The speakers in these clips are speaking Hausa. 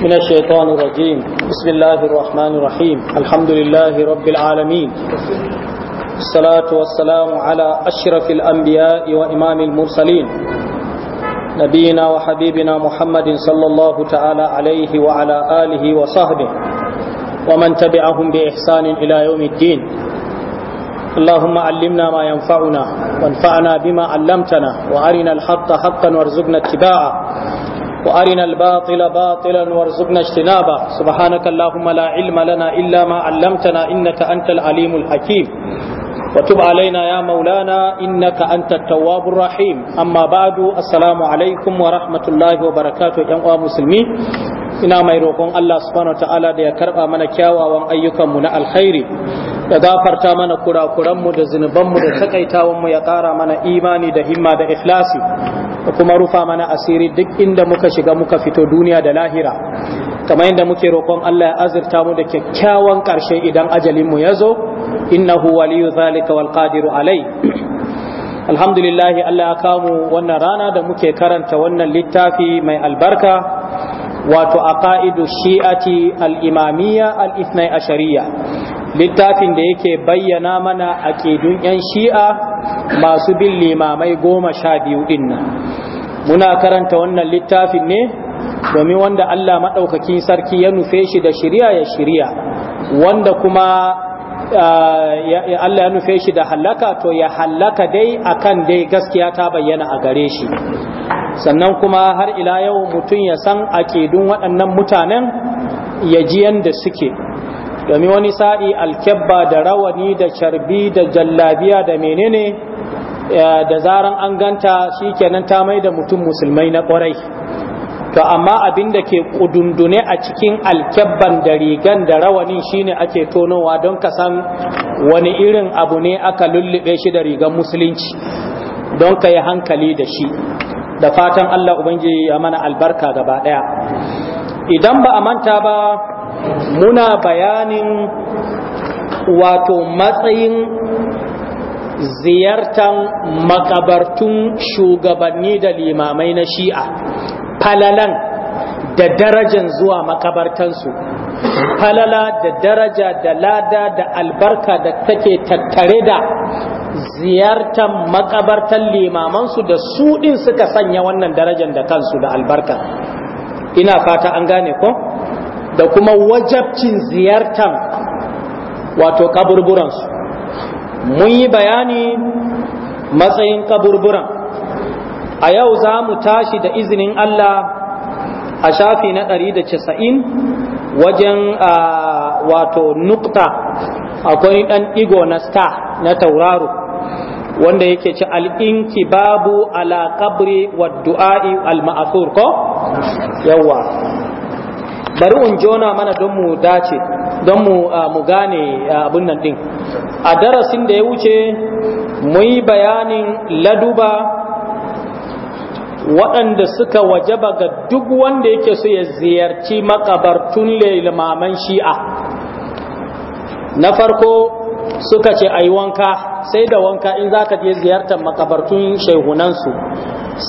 من الشيطان الرجيم بسم الله الرحمن الرحيم الحمد لله رب العالمين الصلاة والسلام على أشرف الأنبياء وإمام المرسلين نبينا وحبيبنا محمد صلى الله تعالى عليه وعلى آله وصحبه ومن تبعهم بإحسان إلى يوم الدين اللهم علمنا ما ينفعنا وانفعنا بما علمتنا وأرنا الحق حقا وارزقنا اتباعه وأرنا الباطل باطلا وارزقنا اجتنابه سبحانك اللهم لا علم لنا إلا ما علمتنا إنك أنت العليم الحكيم وتب علينا يا مولانا إنك أنت التواب الرحيم أما بعد السلام عليكم ورحمة الله وبركاته يا مسلمين ina mai roƙon Allah subhanahu ta'ala da ya karɓa mana kyawawan ayyukanmu na alkhairi ya gafarta mana kurakuranmu da zunubanmu da takaitawanmu ya ƙara mana imani da himma da ikhlasi da kuma rufa mana asiri duk inda muka shiga muka fito duniya da lahira kamar yadda muke roƙon Allah ya azurta mu da kyakkyawan ƙarshe idan ajalinmu ya zo innahu waliyu zalika wal qadiru alai alhamdulillah Allah ya kamu wannan rana da muke karanta wannan littafi mai albarka wato aqaidu shi'ati al al’ifnai al shari'a shari'a littafin da yake bayyana mana a aqidun yan shi'a masu bin limamai goma sha biyu din nan muna karanta wannan littafin ne domin wanda Allah maɗaukakin sarki ya nufe shi da shiriya ya shiriya wanda kuma Allah ya nufe shi da hallaka to ya hallaka dai akan dai gaskiya ta bayyana a gare shi sannan kuma har ila yau mutum ya san aƙidun waɗannan mutanen ya ji yadda suke domin wani sa'i alkebba da rawani da carbi da jallabiya da menene da zaran an ganta shi kenan ta mai da mutum musulmai na ƙwarai to amma abin da ke ƙudundune a cikin alkebban da rigan da rawanin shine ake tonowa don ka san wani irin abu ne aka lullube shi da rigan musulunci don ka yi hankali da shi da fatan Allah ubangiji ya mana albarka gaba daya idan ba a manta ba muna bayanin wato matsayin ziyartan makabartun shugabanni da limamai na shi'a falalan da darajan zuwa makabartansu falala da daraja da lada da albarka da take tattare da ziyartar limaman limamansu da su ɗin suka sanya wannan darajar da kansu da albarka ina fata an gane ko da kuma wajabcin ziyartar wato kaburburansu mun yi bayani matsayin kaburburan a yau za mu tashi da izinin Allah a shafi na 190 wajen wato nukta akwai ɗan igo na star na tauraro wanda yake ci al'inki babu ala qabri wa du'a'i al-ma'asur ko yawa bari in jona mana don mu dace don mu ah, mu gane ah, abun nan din a darasin da ya wuce mu yi bayanin laduba waɗanda suka wajaba ga duk wanda yake so ya ziyarci makabartun limaman shi'a na farko suka ce yi wanka sai da wanka in za ka je ziyartar makabartun shaihunansu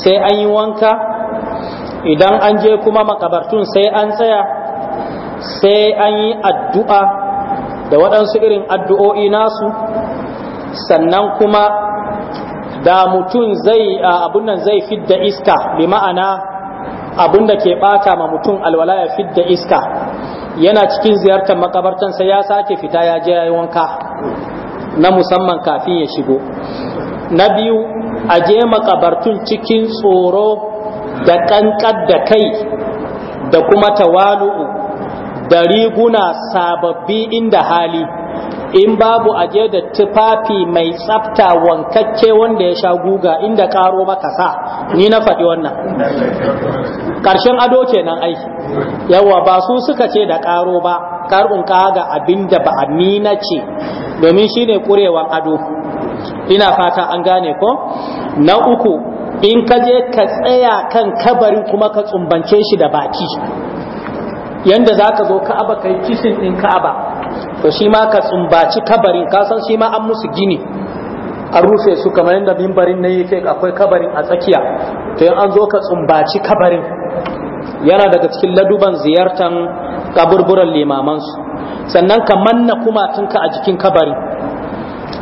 sai an yi wanka idan an je kuma makabartun sai an tsaya sai an yi addu'a da waɗansu irin addu'o'i nasu sannan kuma da mutum zai abun nan zai fidda iska bi ma'ana abun da ke ɓata ma mutum alwala ya fidda iska yana cikin ziyartar makabartan sai ya sake fita ya je ya yi wanka na musamman kafin ya shigo na biyu a je makabartun cikin tsoro da ƙanƙar da kai da kuma tawalu'u da riguna sababbi inda hali in babu a da tufafi mai tsafta wankakke wanda ya sha guga inda karo maka sa ni na faɗi wannan ƙarshen ado kenan aiki. yawa ba su suka ce da karo ba karun ga abinda ba a nina ce domin shine kurewan ado ina fata an gane ko na uku in ka je ka tsaya kan kabari kuma ka tsumbance shi da baki yanda za ka zo ka'aba yi kisin ɗin ka'aba to shi ma ka tsumbaci kabarin ka san shi ma an musu gini a rufe su kamar yadda mimbarin na yake akwai kabarin a tsakiya to an zo ka tsumbaci kabarin yana daga cikin laduban ziyartan kaburburan limamansu sannan ka manna kumatunka a jikin kabari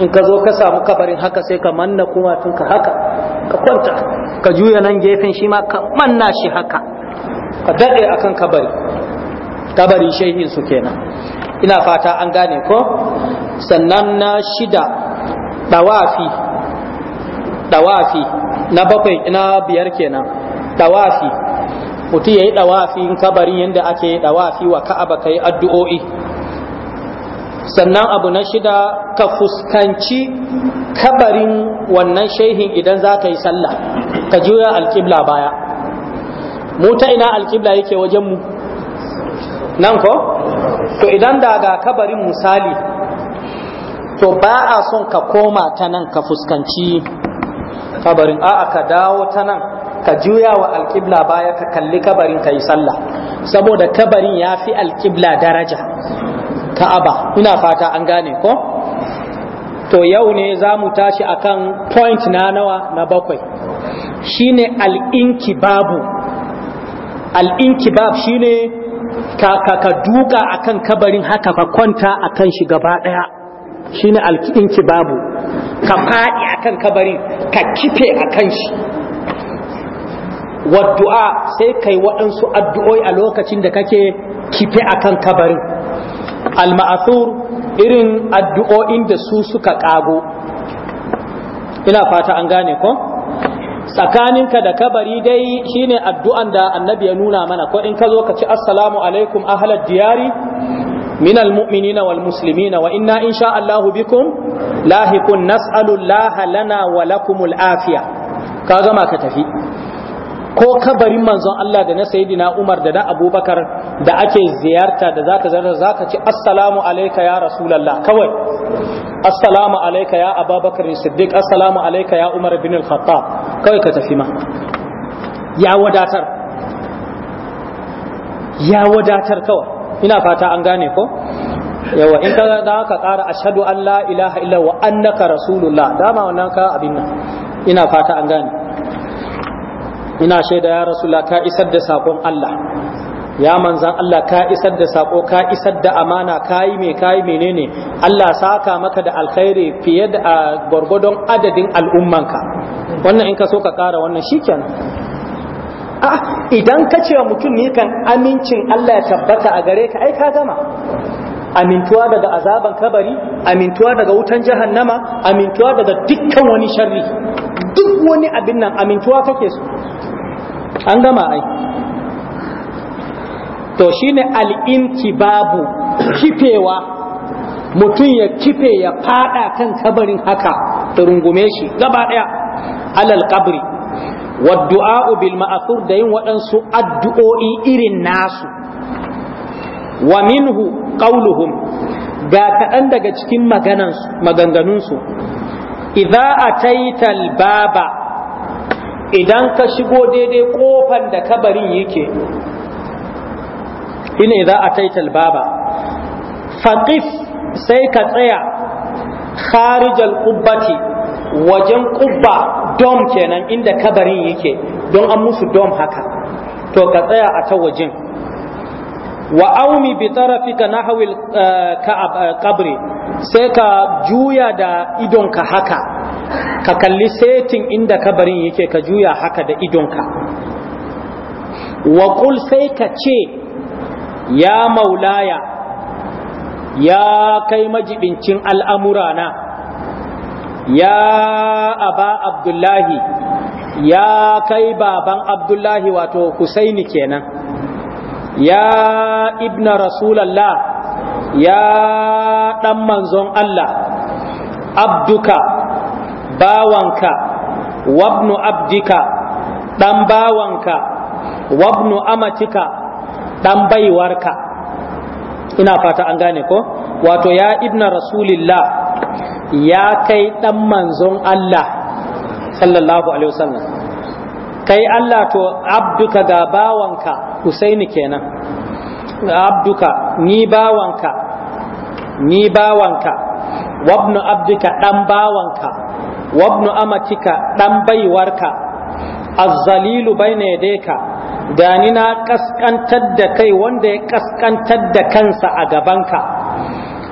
in ka zo ka samu kabarin haka sai ka manna kumatunka haka ka kwanta ka juya nan gefen shi ma ka manna shi haka ka daɗe akan kabari kabarin shehin su kenan ina fata an gane ko sannan na shida ɗawafi ɗawafi na bakwai ina biyar kenan ɗawafi mutum ya yi ɗawafin kabarin yadda ake ɗawafi wa ka'aba ka yi addu'o'i sannan abu na shida ka fuskanci kabarin wannan shehin idan za ka yi sallah ka juya alƙibla baya mu ta ina alƙibla yake wajen mu nan ko to idan daga kabarin misali to ba a son ka koma ta nan ka fuskanci kabarin a'a ka dawo ta nan ka juya wa alƙibla baya ka kalli kabarin ka yi sallah saboda kabarin ya fi alƙibla daraja aba ina fata an gane ko to yau ne za mu tashi akan point na nawa na bakwai shine al'inki babu al'inki babu shine ka ka ka duka akan kabarin haka ka kwanta akan shi gaba daya shine al'inki babu ka faɗi akan kabarin ka kife akan shi waddu'a sai kai waɗansu addu'oi a lokacin da kake kife kan kabarin al irin addu'o'in da su suka kago ina fata an gane ko tsakaninka da kabari dai shine addu'an da annabi ya nuna mana ko in ka zo ka ci assalamu alaikum ahlad diyari من المؤمنين والمسلمين وإنا إن شاء الله بكم لاهق نسأل الله لنا Ka zama ka tafi. ko kabarin manzon Allah da na sayidina Umar da na Abubakar da ake ziyarta da zaka zarta zaka ci assalamu alayka ya rasulullah kawai assalamu alayka ya Abubakar Siddiq assalamu alayka ya Umar ibn al-Khattab kawai ka tafi ma ya wadatar ya wadatar kawai ina fata an gane ko yawa in ka da ka ƙara ashhadu an la ilaha illa wa annaka rasulullah dama wannan ka abin nan ina fata an gane ina shaida ya rasula ka isar da sakon Allah ya manzan Allah ka isar da sako ka isar da amana ka yi kayi yi kayi menene Allah saka maka da alkhairi fiye da gwargwadon adadin al'ummanka wannan in ka so ka kara wannan shikenan a'a ah, idan ka ce wa mutum ni kan amincin Allah ya tabbata a gare ka ai ka gama amintuwa daga azaban kabari amintuwa daga wutan jahannama amintuwa daga dukkan wani sharri duk wani abin nan amintuwa kake so an gama ai to shine babu kifewa mutum ya kife ya fada kan kabarin haka ta rungume shi gaba ɗaya, alal kabri wadda'u bil ma'thur da yin waɗansu addu'o'i irin nasu wa minhu qauluhum ga kaɗan daga cikin maganganunsu idza ataita al baba idan ka shigo daidai kofan da kabarin yake ine za a taital baba faƙif sai ka tsaya kharijal kubbati wajen kubba dom kenan inda kabarin yake don an musu dom haka to ka tsaya a ta wajen wa aumi bi tarafika nahwil eh, kabri eh, sai ka juya da idonka haka ka kalli setin inda kabarin yake ka juya haka da idonka wa qul sai ka ce ya maulaya ya kai majibincin al'amurana ya aba abdullahi ya kai baban abdullahi wato husaini kenan ya ibna rasulallah ya ɗan manzon Allah abduka bawanka wabnu abdika ɗan bawanka wabnu amatika ɗan baiwarka ina fata an gane ko wato ya ibna rasulillah ya kai ɗan manzon Allah sallallahu alaihi wasallam kai Allah to abduka ga bawanka Husaini kenan abduka ni bawanka ni bawanka wabnu abdika ɗan bawanka wabnu amatika ɗan baiwarka azzalilu bai ne deka ni na ƙasƙantar da kai wanda ya ƙasƙantar da kansa a gabanka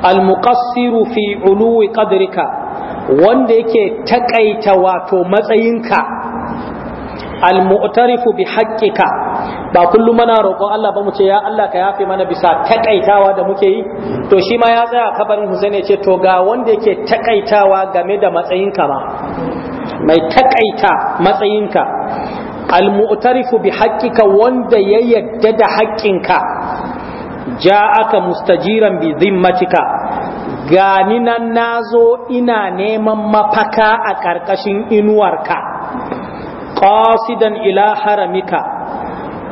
almuqassiru fi uluwi ƙadrika wanda yake taƙaita wato matsayinka almu'tarifu bi haƙƙika ba kullum mana roƙon Allah ba mu ce ya Allah ka yafe mana bisa takaitawa da muke yi to shi ma ya tsaya kabarin Hussein ya ce to ga wanda yake takaitawa game da matsayinka ma mai takaita matsayinka almu'tarifu bi haqqika wanda ya yadda da ka ja'aka mustajiran bi dhimmatika gani nan nazo ina neman mafaka a ƙarƙashin inuwarka qasidan ila haramika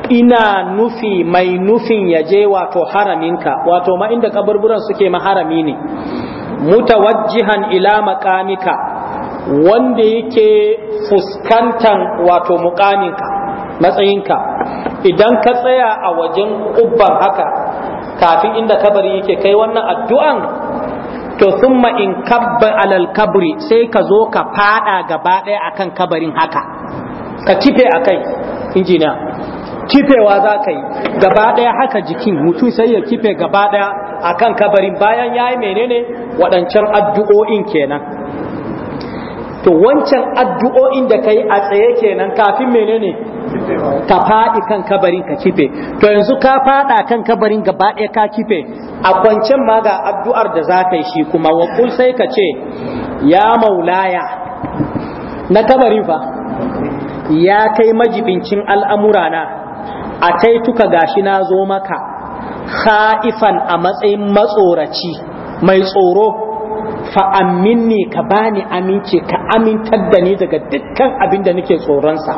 ina nufi mai nufin ya je wato haraminka wato ma inda kaburburan suke harami ne mutawajjihan ila makamika wanda yake fuskantan wato mukaminka matsayinka idan ka tsaya a wajen kubban haka kafin inda kabari yake kai wannan addu'an to summa in kabba alal kabri sai ka zo ka fada gaba daya akan kabarin haka ka kife kai injina kifewa za ka yi gaba ɗaya haka jikin mutum sai ya kife gaba ɗaya a kan kabarin bayan ya yi menene waɗancan addu'o'in kenan to wancan addu'o'in da ka yi a tsaye kenan kafin menene ka faɗi kan kabarin ka kife to yanzu ka faɗa kan kabarin gaba ɗaya ka kife a kwancen ma ga addu'ar da za ka yi shi kuma wakul sai ka ce ya maulaya na kabarin fa ya kai majibincin al'amurana A ataituka gashi na zo maka kha'ifan a matsayin matsoraci mai tsoro fa aminni ka bani amince ka amintar da ni daga dukkan abin da nake tsoronsa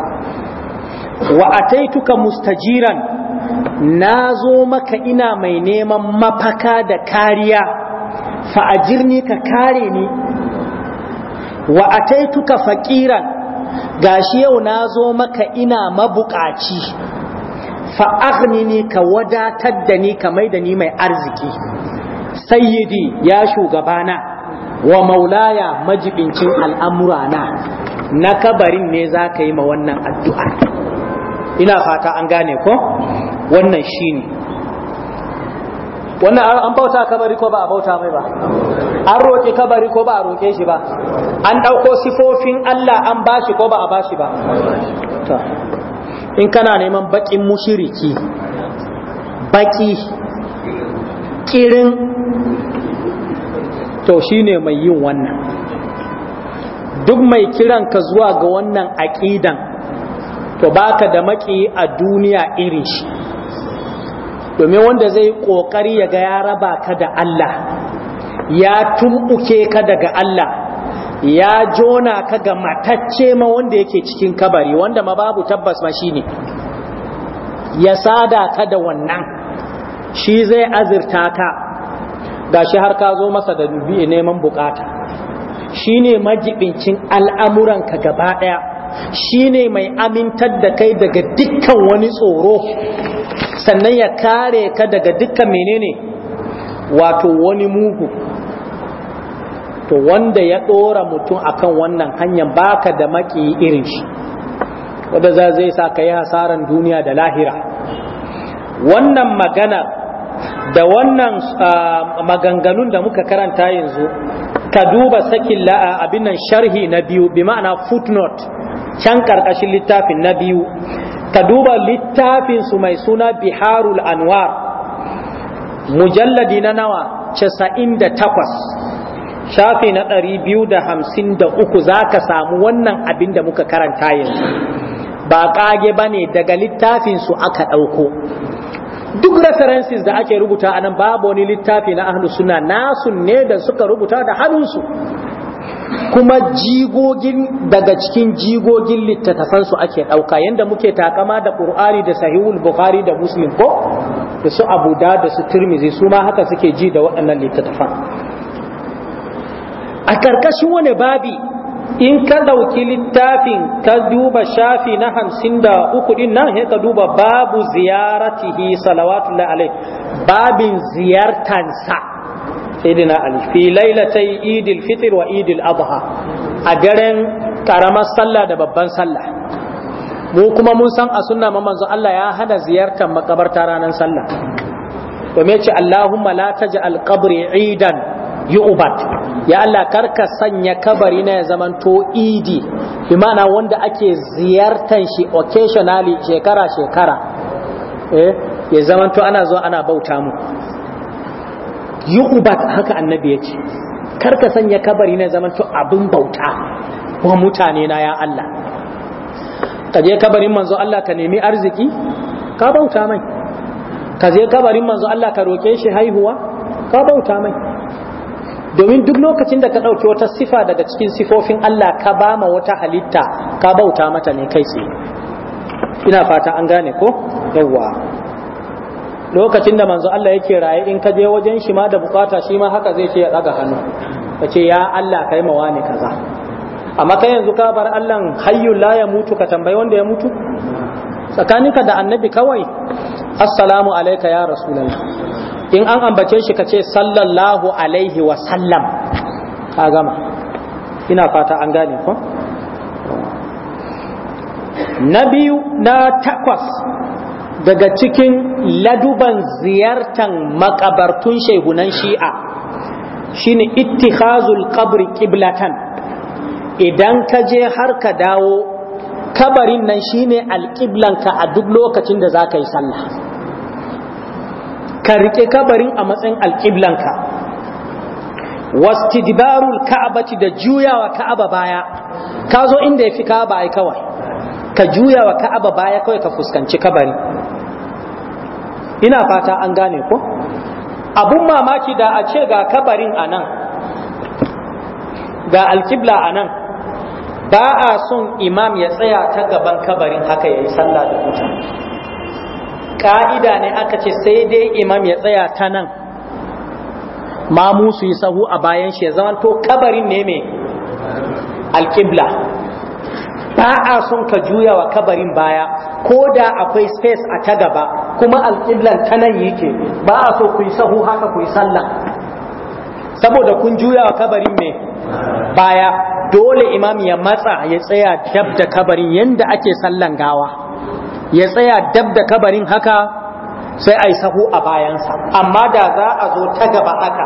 wa ataituka mustajiran na zo maka ina mai neman mafaka da kariya fa ajirni ka kare ni wa ataituka faqiran gashi yau na zo maka ina mabukaci ni ka wadatar da ni ka mai da ni mai arziki sayyidi ya shugabana wa maulaya majibincin al'amurana na kabarin ne za ka yi ma wannan addu'a ina fata an gane ko wannan shi ne wannan an bauta kabari ko ba a bauta mai ba an roƙe kabari ko ba a roƙe shi ba an ɗauko sifofin Allah an bashi ko ba a bashi ba in kana neman bakin mushiriki baki kirin to shi ne mai yin wannan duk mai kiran ka zuwa ga wannan aƙidan to baka da maki a duniya irin shi domin wanda zai ƙoƙari ya ga ya raba ka da Allah ya tumbuke ka daga Allah ya jona ka ga matacce ma wanda yake cikin kabari wanda ma babu tabbas ma shine ya sada ka da wannan shi zai azirta ka gashi har ka zo masa da dubi neman bukata shine majibincin al'amuran ka gaba daya shine mai amintar da kai daga dukkan wani tsoro sannan ya kare ka daga dukkan menene wato wani mugu to wanda ya ɗora mutum akan wannan hanyar baka da maki irin shi wanda za zai sa ka yi hasaran duniya da lahira wannan magana da wannan maganganun da muka karanta yanzu ka duba sakin la'a abin nan sharhi na biyu bi ma'ana footnote can karkashin littafin na biyu ka duba littafin su mai suna biharul anwar mujalladi na nawa 98 shafi na ɗari biyu da hamsin da uku za ka samu wannan abin da muka karanta yanzu ba ƙage ba ne daga littafinsu aka ɗauko duk referensis da ake rubuta a nan babu wani littafi na ahlu suna nasu ne da suka rubuta da hannunsu kuma jigogin daga cikin jigogin littattafansu ake ɗauka yadda muke takama da ƙur'ani da sahihul bukhari da muslim ko da su abu da su turmizi su ma haka suke ji da waɗannan littattafan a karkashin wani babi in ka ɗauki littafin ka duba shafi na hamsin da uku ɗin nan ya ka duba babu ziyaratihi salawatullahi alaihi babin ziyartansa sayyidina ali fi lailatai idil fitr wa idil adha a daren ƙaramar sallah da babban sallah mu kuma mun san a sunna ma manzo Allah ya hana ziyartar makabarta ranar sallah domin ya ce Allahumma la taj'al qabri idan ubat ya Allah karka sanya kabari na ya to idi bi ma'ana wanda ake ziyartan shi occasionally shekara shekara eh ya to ana zuwa ana bauta mu ubat haka annabi yace karka sanya kabari na ya to abin bauta wa mutane na ya Allah ka je kabarin manzo Allah ka nemi arziki ka bauta mai ka je kabarin manzo Allah ka roke shi haihuwa ka bauta mai domin duk lokacin da ka ɗauki wata sifa daga cikin sifofin Allah ka ba ma wata halitta ka bauta mata ne kai tsaye ina fata an gane ko yawwa lokacin da manzo Allah yake raye in ka je wajen shi ma da bukata shi ma haka zai ce ya daga hannu ka ce ya Allah kai mawa ne kaza amma kai yanzu ka bar Allah hayyu la ya mutu ka tambayi wanda ya mutu tsakaninka da annabi kawai assalamu alayka ya rasulullah in an ambace shi ka ce sallallahu alaihi wa sallam ka gama ina fata an gane ko na biyu na takwas daga cikin laduban ziyartan makabartun shehunan shi'a shine ittikhazul qabri qiblatan idan ka je har ka dawo kabarin nan shine alqiblanka a duk lokacin da za ka yi sallah ka rike kabarin a matsayin alƙiblanka wastidbarul ka'abati da juyawa ka'aba baya ka zo inda yafi ka'aba ai kawai ka juyawa ka'aba baya kawai ka fuskanci kabari ina fata an gane ko abun mamaki da a ce ga kabarin anan ga alƙibla anan ba a son imam ya tsaya ta gaban kabarin haka yayi sallah da mutane ka'ida ne aka ce sai dai imam ya tsaya ta nan mamu su yi sahu a bayan shi ya zama to kabarin ne mai alƙibla ba a son ka juya wa kabarin baya ko da akwai space a ta gaba kuma alƙiblan ta nan yake ba a so ku yi sahu haka ku yi sallah saboda kun juya wa kabarin mai baya dole imam ya matsa ya tsaya dab da kabarin yadda ake sallan gawa ya tsaya dab da kabarin haka sai a yi sahu a bayansa amma da za a zo ta gaba haka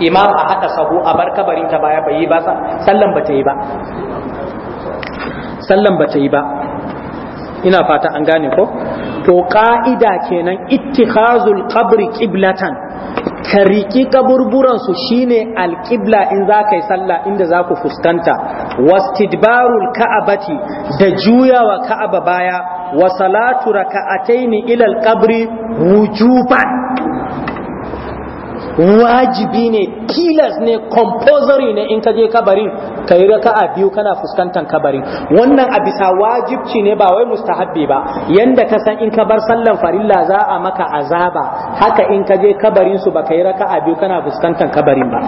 imam a haɗa sahu a bar kabarin ta baya bai yi ba sallan ba ta yi ba sallan ba ta yi ba ina fata an gane ko to ka'ida kenan ittikhazul qabr qiblatan ka riƙi su shine alƙibla in za ka yi sallah inda za ku fuskanta wastidbarul ka'abati da juyawa ka'aba baya wa salatu raka'ataini ila alqabri wujuban wajibi ne tilas ne compulsory ne in ka je kabarin ka yi raka'a biyu kana fuskantar kabarin wannan a bisa wajibci ne ba wai mustahabbi ba yanda ka san in ka bar sallan farilla za a maka azaba haka in ka je kabarin su baka yi raka'a biyu kana fuskantar kabarin ba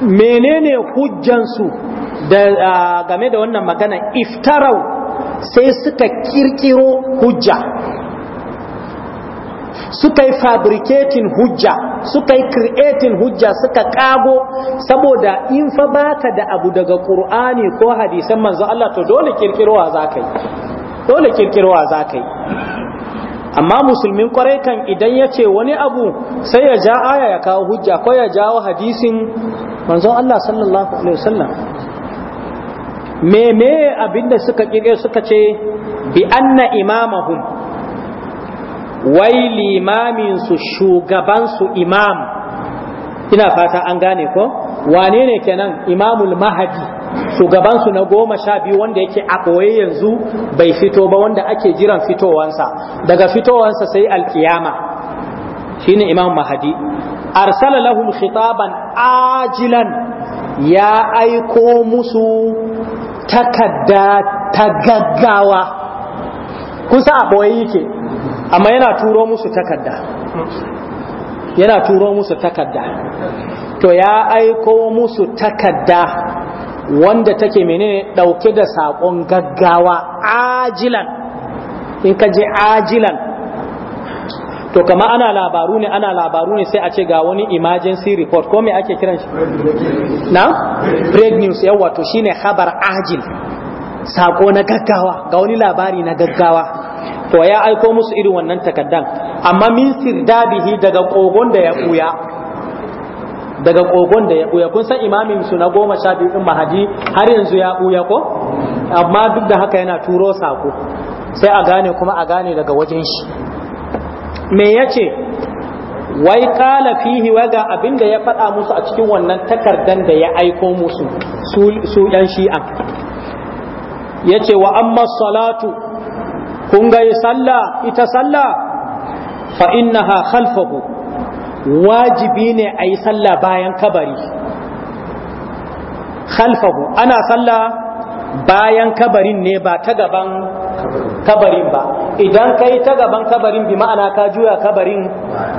menene hujjansu da game da wannan magana iftarau sai suka kirkiro hujja suka yi fabricating hujja suka yi creating hujja suka kago saboda in fa baka da abu daga qur'ani ko hadisan manzo Allah to dole kirkirowa zakai dole kirkirowa zakai amma musulmin kwarai kan idan yace wani abu sai ya ja aya ya kawo hujja ko ya jawo hadisin manzo Allah sallallahu alaihi wasallam Meme abinda suka kire suka ce bi anna imamahum wai limamin su shugaban su imam ina fata an gane ko wane ne kenan imamul mahadi shugaban su na goma sha biyu wanda yake a ɓoye yanzu bai fito ba wanda ake jiran fitowansa daga fitowansa sai alkiyama shine imam mahadi arsala lahum khitaban ajilan ya aiko musu takadda ta gaggawa kusa a boye yake amma yana turo musu takadda yana turo musu takadda to ya aiko musu takadda wanda take menene dauke da saƙon gaggawa ajilan in kaje ajilan to kama ana labaru ne ana labaru ne sai a ce ga wani emergency report ko me ake kiran shi na break news yawa to shine khabar ajil sako na gaggawa ga wani labari na gaggawa to ya aiko musu irin wannan takaddan amma min sirdabihi daga kogon da ya buya daga kogon da ya buya kun san imamin su na goma sha biyu din mahadi har yanzu ya buya ko amma duk da haka yana turo sako sai a gane kuma a gane daga wajen shi me yace wai kala fihi waga abinda ya faɗa musu a cikin wannan takardan da ya aiko musu su ɗan shi'a yace wa amma salatu kun ga sallah ita sallah fa innaha khalfahu wajibi ne a yi sallah bayan kabari khalfahu ana sallah bayan kabarin ne ba ta gaban kabarin ba idan kai ta gaban kabarin bi ma'ana ka juya kabarin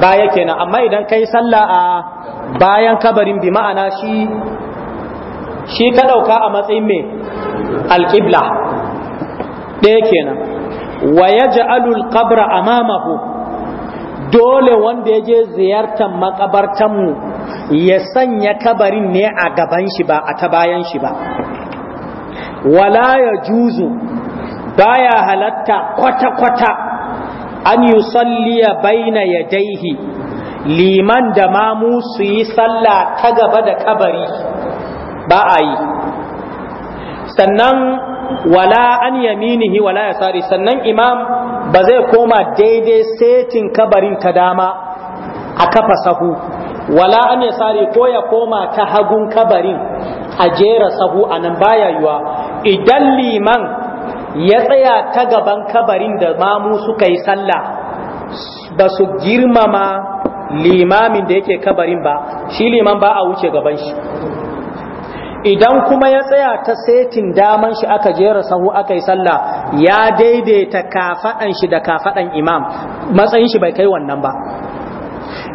baya kenan amma idan kai sallah a bayan kabarin bi ma'ana shi shi ka dauka a matsayin mai alƙibla ɗaya kenan wa ƙabra a amamahu dole wanda ya je ziyartar makabartanmu ya sanya kabarin ne a gaban shi ba a ta bayan shi ba wala ya juzu baya halatta kwata-kwata an yi salliya baina ya daihi liman da mamu su yi salla ta gaba da kabari ba a yi sannan wala an yaminihi wala ya sari sannan imam ba zai koma daidai setin kabarin ta dama a kafa sahu wala an ya sari ko ya koma ta hagun kabarin a jera sahu a nan baya yiwa idan liman ya tsaya ta gaban kabarin da mamu suka yi sallah ba su girmama limamin da yake kabarin ba shi liman ba a wuce gaban shi idan kuma ya tsaya ta setin daman shi aka jera sahu aka yi sallah ya daidaita kafaɗan shi da kafaɗan imam matsayin shi bai kai wannan ba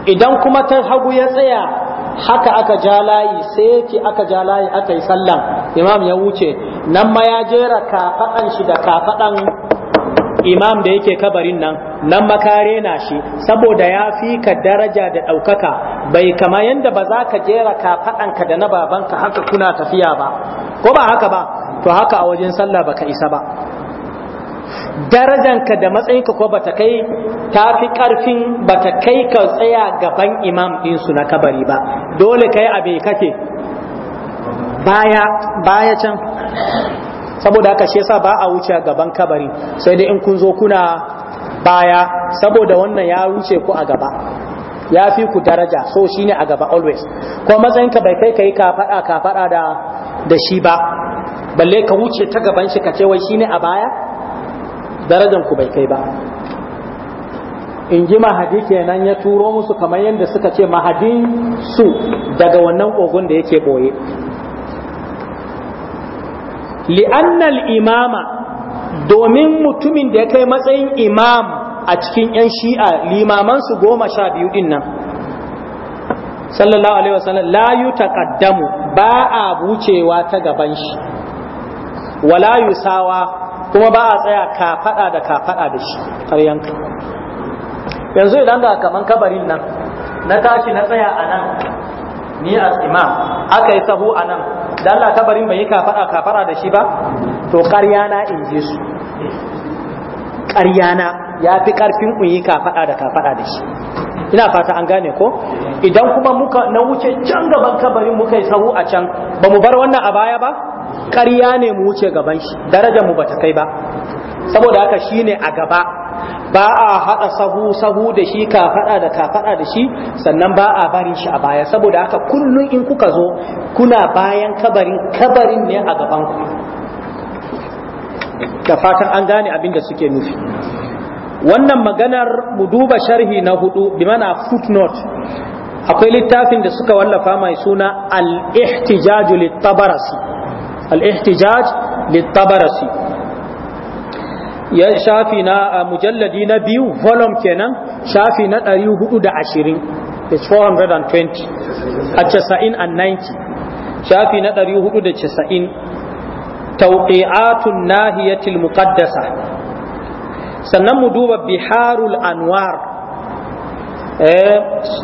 idan kuma ta hagu ya tsaya haka aka ja layi sai aka ja layi aka yi sallan imam ya wuce nan ma ya jera kafaɗan shi da kafaɗan imam da yake kabarin nan nan makare na shi saboda ya fi ka daraja da ɗaukaka bai kama yadda ba za ka jera kafaɗanka da na babanka haka kuna tafiya ba ko ba haka ba to haka a wajen sallah baka isa ba darajanka da matsayinka ko bata kai ta fi karfin bata kai ka tsaya gaban imam su na kabari ba dole kai abe kake baya baya can saboda haka shi yasa ba a wuce gaban kabari sai dai in kun zo kuna baya saboda wannan ya wuce ku a gaba ya fi ku daraja so shine a gaba always ko matsayinka bai kai kai ka faɗa ka faɗa da da shi ba balle ka wuce ta gaban shi ka ce wai shine a baya darajan ku bai kai ba in ji mahadi kenan ya turo musu kamar yadda suka ce mahadin su daga wannan kogon da yake boye li'annal imama domin mutumin da ya kai matsayin imam a cikin 'yan shi'a limamansu goma sha biyu din nan sallallahu alaihi wasallam la yutaqaddamu ba a bucewa ta gaban shi wala yusawa kuma ba a tsaya kafaɗa da ka fada da shi har yanka yanzu idan ga kaman kabarin nan na tashi na tsaya a nan ni a imam aka yi sahu a nan da Allah kabarin bai yi ka fada da shi ba to ƙarya na in su ƙarya na ya fi karfin uyi kafaɗa da kafaɗa da shi ina fata an gane ko idan kuma muka na wuce can gaban kabarin muka yi sahu a can ba mu bar wannan a baya ba ƙarya ne mu wuce gaban shi darajar mu bata kai ba saboda haka shine a gaba ba a haɗa sahu sahu da shi kafaɗa da kafaɗa da shi sannan ba a barin shi a baya saboda haka kullum in kuka zo kuna bayan kabarin kabarin ne a gaban ku da fatan an gane abin da suke nufi wannan maganar mu duba sharhi na hudu bi mana footnote akwai littafin da suka wallafa mai suna al-ihtijaj lit al-ihtijaj lit-tabarasi ya shafi na mujalladi na biyu volume kenan shafi na 420 page 420 a 90 a 90 shafi na 490 tawqi'atun nahiyatil muqaddasa sannan mu duba biharul anwar eh,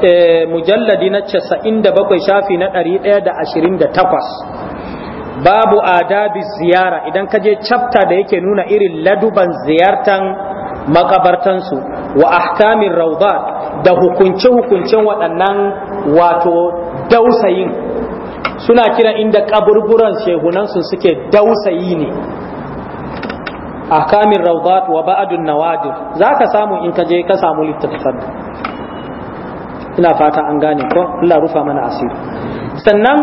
eh, mujalladi na 97 shafi na 128 babu adabi ziyara idan ka je chapter da yake nuna irin laduban ziyartan makabartansu wa ahkamin raudat da hukunce-hukuncen waɗannan wato dausayin suna kira inda kaburburan shehunansu suke dausayi ne ahkamin rawdat wa ba'dun nawadir zaka samu in ka je ka samu littafan ina fata an gane ko Allah rufa mana asiri sannan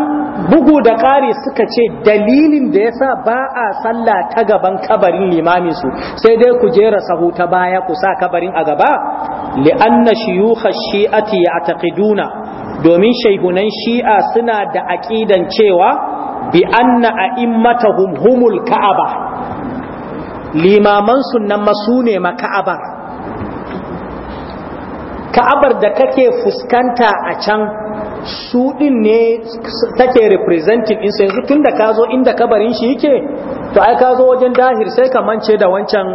bugu da ƙari suka ce dalilin da yasa ba a sallah ta gaban kabarin limamin su sai dai ku jera sahu ta baya ku sa kabarin a gaba li'anna shiyukha shi'ati ya'taqiduna domin shaihunan shi'a suna da aqidan cewa bi anna a'immatahum humul ka'aba limaman sunan masu ne maka'abar ka'abar da kake fuskanta a can su din ne take representing in sai tun da ka zo inda kabarin shi yake to ai ka zo wajen dahir sai ka mance da wancan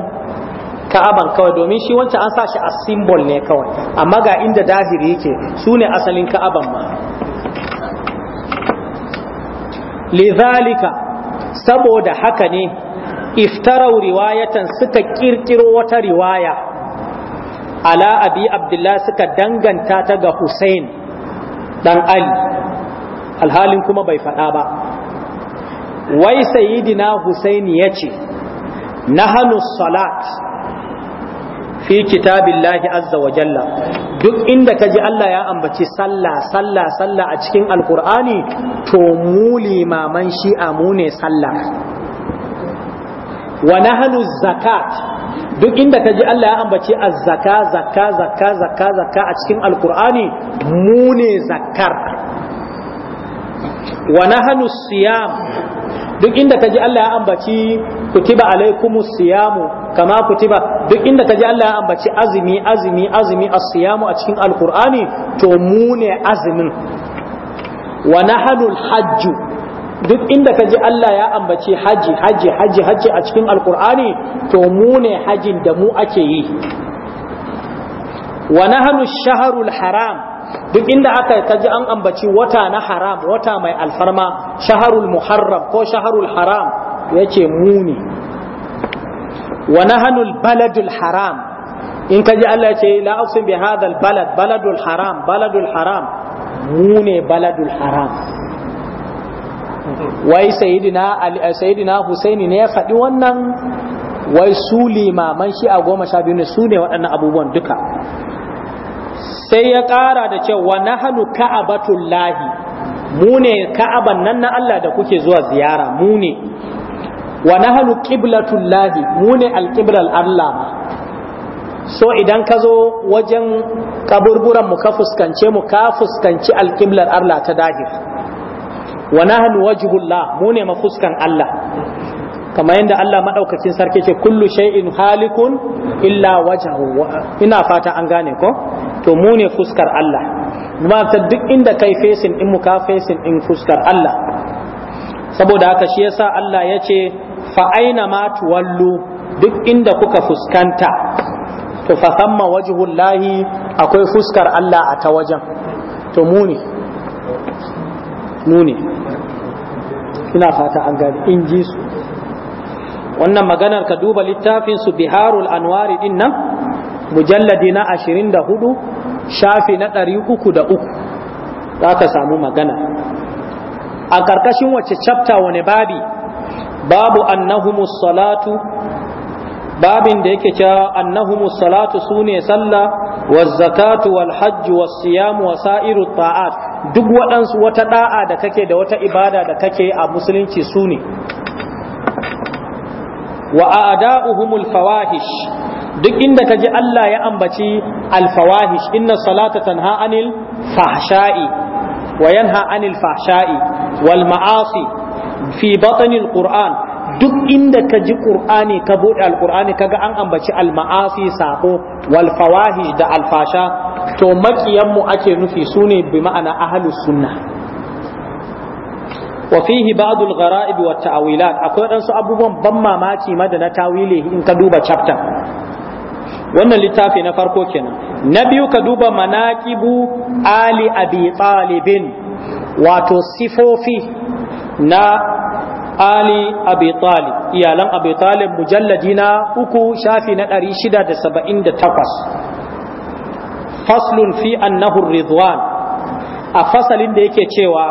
ka'aban kawai domin shi wancan an sa shi a symbol ne kawai amma ga inda dahir yake su ne asalin ka'aban ma lidhalika saboda haka ne iftarau riwayatan suka kirkiro wata riwaya ala abi abdullah suka danganta ta ga Husain dan Ali alhalin kuma bai faɗa ba wai sayidina Hussein ya ce nahanu salat fi kitabillahi azza wa jalla duk inda ka ji Allah ya ambaci sallah sallah sallah a cikin alkur'ani to mu limaman shi'a mu ne sallah wa nahnu zakat duk inda ka ji Allah ya ambace az-zaka zakka zakka zakka zakka a cikin alqur'ani mu ne zakkar wa nahnu siyam duk inda ka ji Allah ya ambaci kutiba alaikumus siyamu kama kutiba duk inda ka ji Allah ya ambaci azumi azumi azumi as-siyamu a cikin alqur'ani to mu ne azumin wa nahnu al hajj duk inda ka ji Allah ya ambace haji haji haji haji a cikin alkur'ani to mu ne hajin da mu ake yi wa nahnu shaharul haram duk inda aka kaji an ambaci wata na haram wata mai alfarma shaharul muharram ko shaharul haram yace mu ne wa nahnu baladul haram in kaji Allah yace la aqsim bi hadha al balad baladul haram baladul haram mu ne baladul haram wai sayidina eh, husaini ne ya faɗi wannan wai su limaman shi a goma sha biyu ne su ne waɗannan abubuwan duka sai ya ƙara da cewa na hannu ka'abatun lahi mu ne ka'aban nan na Allah da kuke zuwa ziyara mu ne wa na hannu ƙiblatun lahi mu ne alƙiblar Allah so idan ka zo wajen kaburburan mu ka fuskance mu ka fuskanci alƙiblar Allah ta dahir wa nahnu wajhullah mu ne mafuskan Allah kamar yadda Allah madaukakin sarki ce kullu shay'in halikun illa wajhahu ina fata an gane ko to mu ne fuskar Allah kuma ta duk inda kai fesin in muka fesin in fuskar Allah saboda haka shi yasa Allah ya ce fa aina ma tuwallu duk inda kuka fuskanta to fa samma wajhullahi akwai fuskar Allah a ta wajen to mu ne mu ne ina fata an gani in ji su wannan maganar ka duba littafin su biharul anwari din nan mujalladi na 24 shafi na 303 za ka samu magana a karkashin wace chapter wani babi babu annahumus salatu babin da yake cewa annahu salatu sune sallah wa zakatu wal hajj was siyam wa sa'iru ta'at duk waɗansu wata da'a da kake da wata ibada da kake a musulunci sune wa a'da'uhumul fawahish duk inda kaji Allah ya ambaci al fawahish inna salata tanha anil fahsha'i wa yanha anil fahsha'i wal ma'asi fi batnil qur'an duk inda ka ji ƙur'ani ka bude ka kaga an ambaci alma'asi sako wal fawahish da alfasha to makiyanmu mu ake nufi sune bi ma'ana ahlus sunna wa fihi ba'd al gharaib wa ta'wilat akwai dan su abubuwan ban mamaki ma da na tawile in ka duba chapter wannan littafi na farko kenan na biyu ka duba manaqibu ali abi talibin wato sifofi na ali abi talib iyalan abi talib mujalladi na uku shafi na 678 faslun fi annahu ridwan a fasalin da yake cewa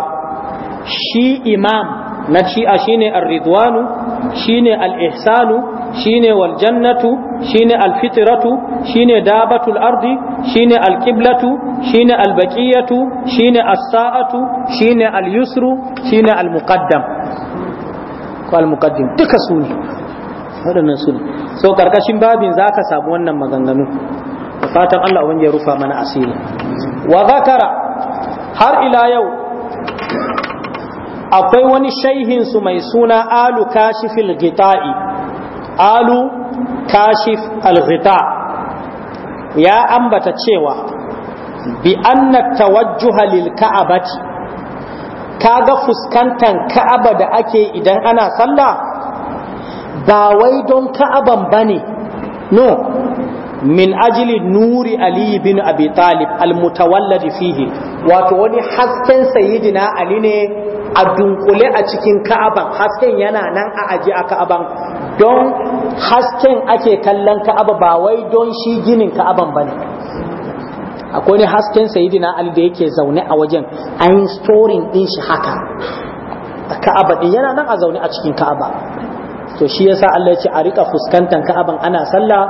shi imam na shi'a shine ar-ridwanu shine al-ihsanu shine wal jannatu shine al-fitratu shine dabatul ardi shine al-qiblatu shine al-baqiyatu shine as-sa'atu shine al-yusru shine al-muqaddam wal muqaddim duka su ne waɗannan su ne so karkashin babin za ka samu wannan maganganu da fatan Allah wanda ya rufa mana asiri wa zakara har ila yau akwai wani shaihin su mai suna alu kashifil gita'i alu kashif al-ghita ya ambata cewa bi anna tawajjuha lil ka'abati Ka ga fuskantan ka'aba da ake idan ana sallah ba wai don ka'aban bane no min ajili nuri ali bin abi talib almutawalladi fihi wato wani hasken sayidina ali ne a dunkule a cikin ka'aban hasken yana nan a aji a ka'aban don hasken ake kallon ka'aba ba wai don shi ginin ka'aban bane akwai ne hasken sayidina ali da yake zaune a wajen an storing din shi haka ka'aba din yana nan a zaune a cikin ka'aba to shi yasa Allah ya ce a rika fuskantar ka'aban ana sallah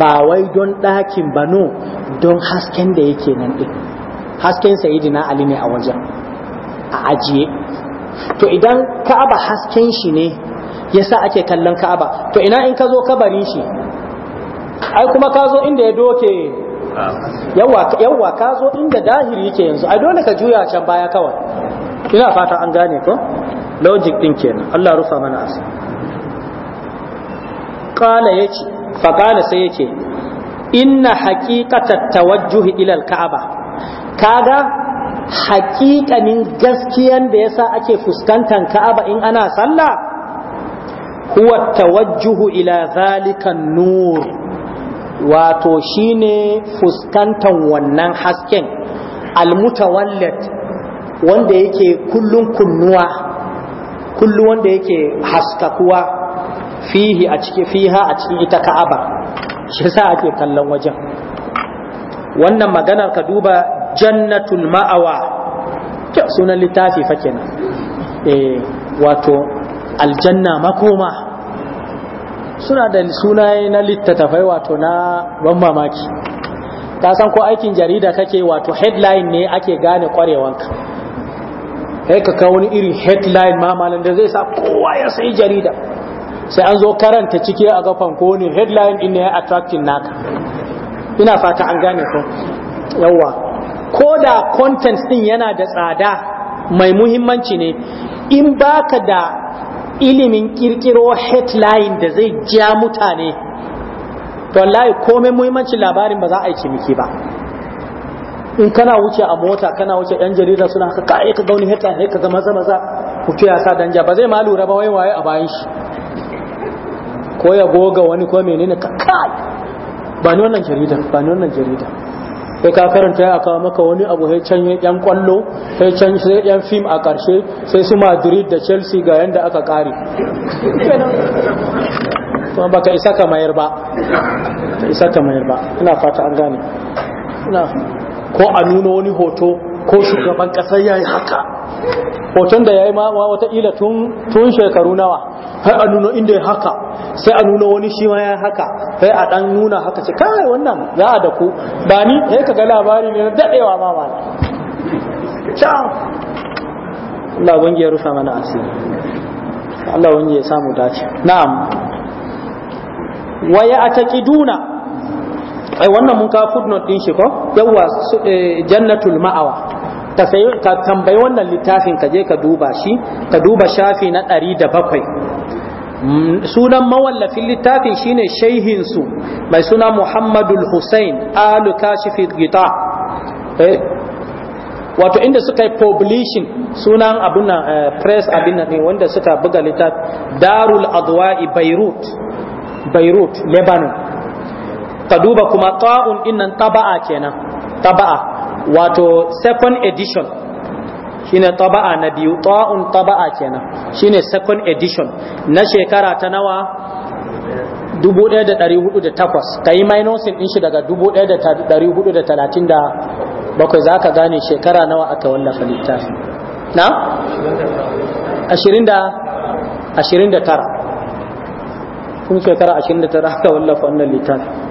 ba wai don ɗakin bano don hasken da yake nan din hasken sayidina ali ne a wajen a ajiye to idan ka'aba hasken shi ne yasa ake kallon ka'aba to ina in ka zo kabarin shi ai kuma ka zo inda ya doke Yawwa ka zo inda dahiri yake yanzu a dole ka juya can baya kawai ina fata an gane ko logic din kenan Allah rufa mana asa. qala yace fa qala sai yace inna haqiqata tawajjuhi ila al-ka'aba kaga haqiqanin gaskiyan da yasa ake fuskantar ka'aba in ana sallah huwa tawajjuhu ila zalikan nur wato shine fuskantan wannan hasken almutawallat wanda yake kullun kunnuwa kullu wanda yake haskakuwa fihi a cikin fiha a cikin ita ka'aba shi yasa ake kallon wajen wannan maganar ka duba jannatul ma'awa sunan littafi fa kenan eh wato aljanna makoma suna da sunaye na littattafai wato na ban mamaki ta san ko aikin jarida kake wato headline ne ake gane kwarewanka kai ka kawo wani irin headline mamalin da zai sa kowa ya sai jarida sai an zo karanta ciki a gafan ko ne headline din ne ya attracting naka ina fata an gane ko yawa ko da content din yana da tsada mai muhimmanci ne in baka da ilimin kirkiro headline da zai ja mutane to wallahi komai muhimmancin labarin ba za a yi ciniki ba in kana wuce a mota kana wuce yan jarida suna haka ka gauni gauni headline ka zama zama ku mutu ya sa danja ba zai ma lura ba wai waye a bayan shi ko ya goga wani ko menene ka kai ba ni wannan jarida ba ni wannan jarida sai ka karanta ya kawo maka wani abu sai can yan kwallo sai can sai yan fim a karshe sai su madrid da chelsea ga yanda aka kare kuma baka isa ka mayar ba isa ka mayar ba ina fata an gane ko a nuna wani hoto ko shugaban kasar yayi haka hoton da ya yi ma wataƙila tun shekaru nawa sai a nuna inda ya haka sai a nuna wani shi ma ya haka sai a ɗan nuna haka ce kawai wannan za a da ku ba ni sai ka ga labari ne na daɗewa ma ba can Allah wangi ya rufa mana asiri Allah wangi ya samu dace na'am wa ya ataqiduna ai wannan mun ka footnote din shi ko yawa eh, jannatul ma'awa ka tambayi wannan littafin ka je ka duba shi ka duba shafi na ɗari da bakwai mm, sunan mawallafin littafin shine shaihinsu mai suna muhammadul hussein alu kashifi gita eh, wato inda suka yi publishing sunan abin eh, press abin ne wanda suka buga littafi darul adwa'i beirut beirut lebanon ka duba kuma ta'un innan taba'a kenan taba'a wato second edition shine taba'a na biyu ta'un taba'a kenan shine second edition na shekara ta nawa 1408 kai minusin din shi daga 1437 ka gane shekara nawa aka wallafa littafi na 20 da 29 kun shekara 29 aka wallafa wannan littafi.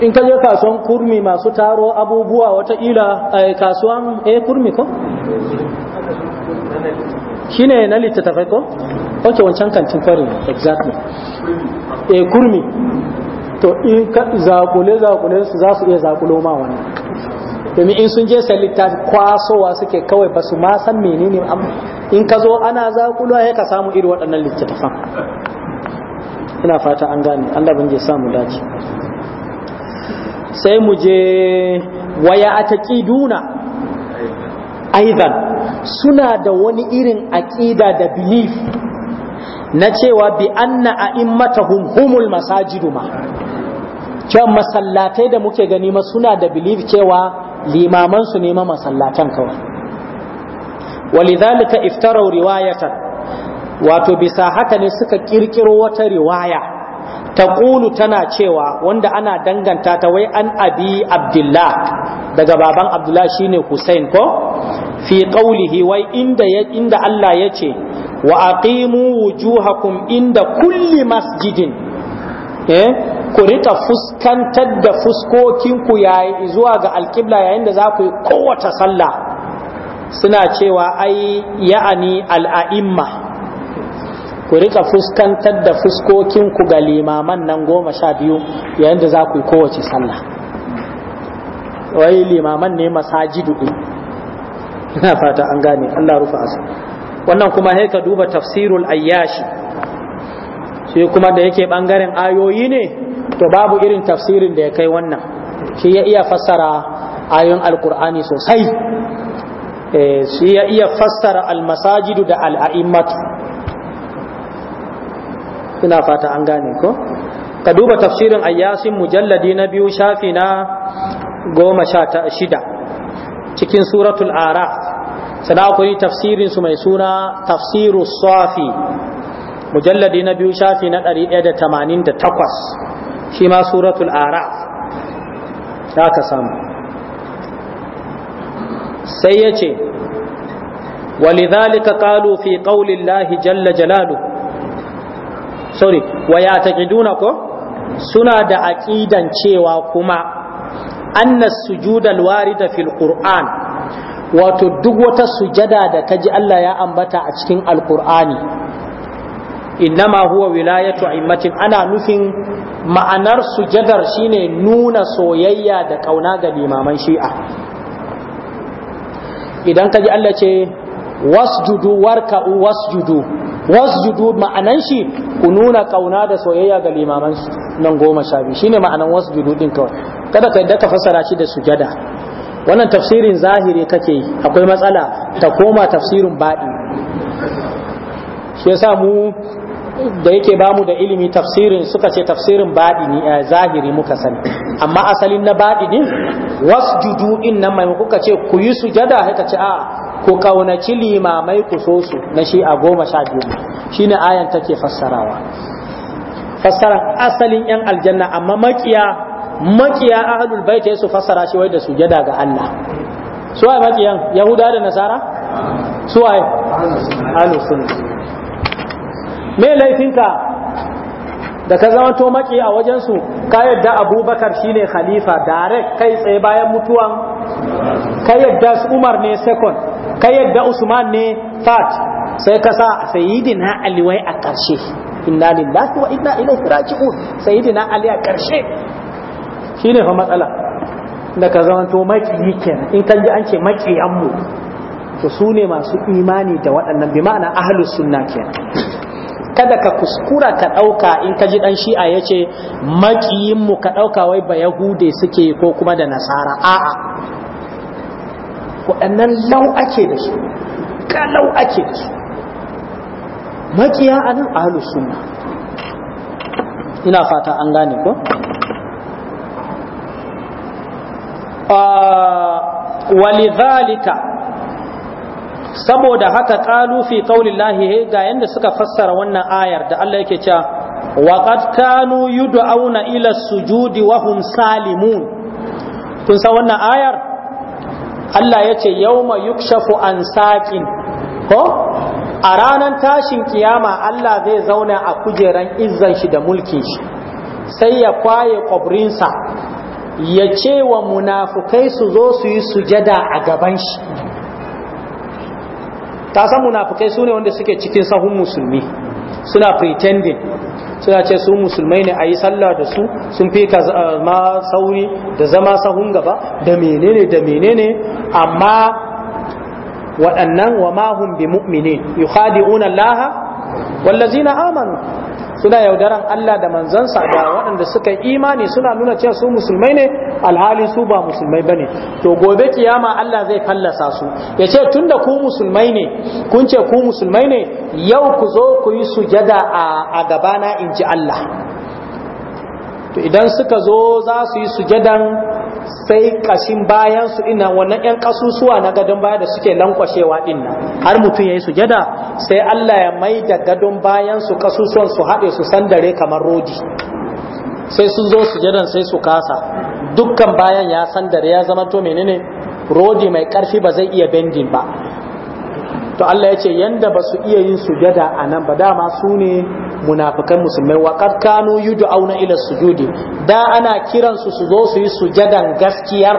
in ka je kasuwan kurmi masu taro abubuwa wataƙila a eh, kasuwan a eh, kurmi ko? shi ne na littattafai ko? ok wancan kantin kwari exactly a eh, kurmi to in zakule-zakule su za su iya zakulo ma wani domin in sun je sai littafi kwasowa suke kawai ba su ma san menene in ka zo ana zakulo ya ka samu iri waɗannan littattafan ina fata an gane Allah bin je samu dace sai mu je waya ataqiduna aidan suna da wani irin aƙida da belief na cewa bi anna a'immatahum humul masajidu ma cewa masallatai da muke gani ma suna da belief cewa limaman su ne ma masallatan kawai walidhalika iftarau riwayatan wato bisa haka ne suka kirkiro wata riwaya taqulu tana cewa wanda ana danganta ta wai an abi abdullah daga baban abdullah shine husain ko fi qawlihi wai inda inda Allah yace wa aqimu wujuhakum inda kulli masjidin eh ku rika fuskantar da fuskokinku yayi zuwa ga alkibla yayin da za ku yi kowace sallah suna cewa ai ya'ani al'a'imma ku rika fuskantar da fuskokinku ga limaman nan goma sha biyu yayin da za ku yi kowace sallah wai limaman ne masajidu ina fata an gane Allah rufa asu wannan kuma sai ka duba tafsirul ayyashi shi kuma da yake bangaren ayoyi ne to babu irin tafsirin da ya kai wannan shi ya iya fassara ayoyin alkur'ani sosai eh, shi ya iya fassara almasajidu da al'a'immatu ina fata an gane ko ka duba tafsirin ayyasin mujalladi na biyu shafi na goma sha shida cikin suratul araf sana akwai tafsirin su mai suna tafsiru safi mujalladi na biyu shafi na 188 shi ma suratul araf za ka samu sai ya ce ولذلك قالوا في قول الله جل جلاله sorry wa ya taqiduna ko suna da aqidan cewa kuma anna sujudal warida fil qur'an wato duk wata sujada da kaji Allah ya ambata a cikin alqur'ani innama huwa wilayatu immatin ana nufin ma'anar sujadar shine nuna soyayya da kauna ga limaman shi'a idan kaji Allah ce wasjudu warka'u wasjudu wasjudu ma'anan shi ku nuna kauna da soyayya ga limaman nan goma sha biyu shine ma'anan wasjudu din kawai kada ka yadda ka fasara shi da sujada wannan tafsirin zahiri kake akwai matsala ta koma tafsirin baɗi shi yasa mu da yake bamu da ilimi tafsirin suka ce tafsirin baɗi ne eh, zahiri muka sani amma asalin na baɗi ne wasjudu din nan mai kuka ce ku yi sujada haka ce a ku kaunaci limamai ku so su na shi a goma sha biyu ne ayan take fassarawa fassarar asalin yan aljanna amma makiya makiya ahlul bait su fassara shi wai da sujada ga Allah su ai makiyan yahuda da nasara su ai ahlus sunna me laifin ka da ka zama to maki a wajen su ka yadda abubakar shine khalifa direct kai tsaye bayan mutuwan ka yadda umar ne second ka yadda usman ne fat sai ka sa sayyidina ali wai a karshe inna lillahi wa inna ilaihi raji'un sayyidina ali a karshe shine fa matsala da ka to makiyi kenan in kan ji an ce maki mu to su ne masu imani da waɗannan bi ma'ana ahlus sunna kenan kada ka kuskura ka ɗauka in ka ji ɗan shi'a ya ce maƙiyinmu ka ɗauka wai ba yahude suke ko kuma da nasara a'a waɗannan lau ake da su kalau ake da su makiya a nan ahalus ina fata an gane ko walidhalika saboda haka qalu fi qaulillahi ga yanda suka fassara wannan ayar da Allah yake cewa waqad kanu auna ila sujudi wa hum salimun kun san wannan ayar Allah ya ce yauma yukshafu an saƙin ko a ranar tashin kiyama Allah zai zauna a kujeran izzan shi da mulkin shi sai ya kwaye kwabrinsa ya ce wa munafukai su zo su yi sujada a gaban shi ta san munafukai su ne wanda suke cikin sahun musulmi suna pretending suna ce su musulmai ne a yi sallah da su sun fi ka ma sauri da zama sahun gaba da menene da menene amma waɗannan wa mahum bi mu'minin yukhadi'una Allah na amanu suna yaudaran Allah da manzansa da waɗanda suka imani suna nuna cewa su musulmai ne alhali su ba musulmai bane to gobe kiyama Allah zai fallasa su yace tunda ku musulmai ne kun ce ku musulmai ne yau ku zo ku yi sujada a gabana in ji Allah to idan suka zo za su yi sujadan sai kashin bayan su ina wannan yan kasusuwa na gadon baya da suke lankwashewa din nan har mutum yayi sujada sai Allah ya mai da gadon bayan su kasusuwan su haɗe su sandare kamar rodi sai sun zo sujadan sai su kasa dukkan bayan ya san dare ya zama to menene rodi mai karfi ba zai iya bending ba to Allah ya ce yanda ba su iya yin sujada a nan ba dama su ne munafikan musulmai wa kad kanu yud'auna ila sujudi da ana kiran su su zo su yi sujadan gaskiyar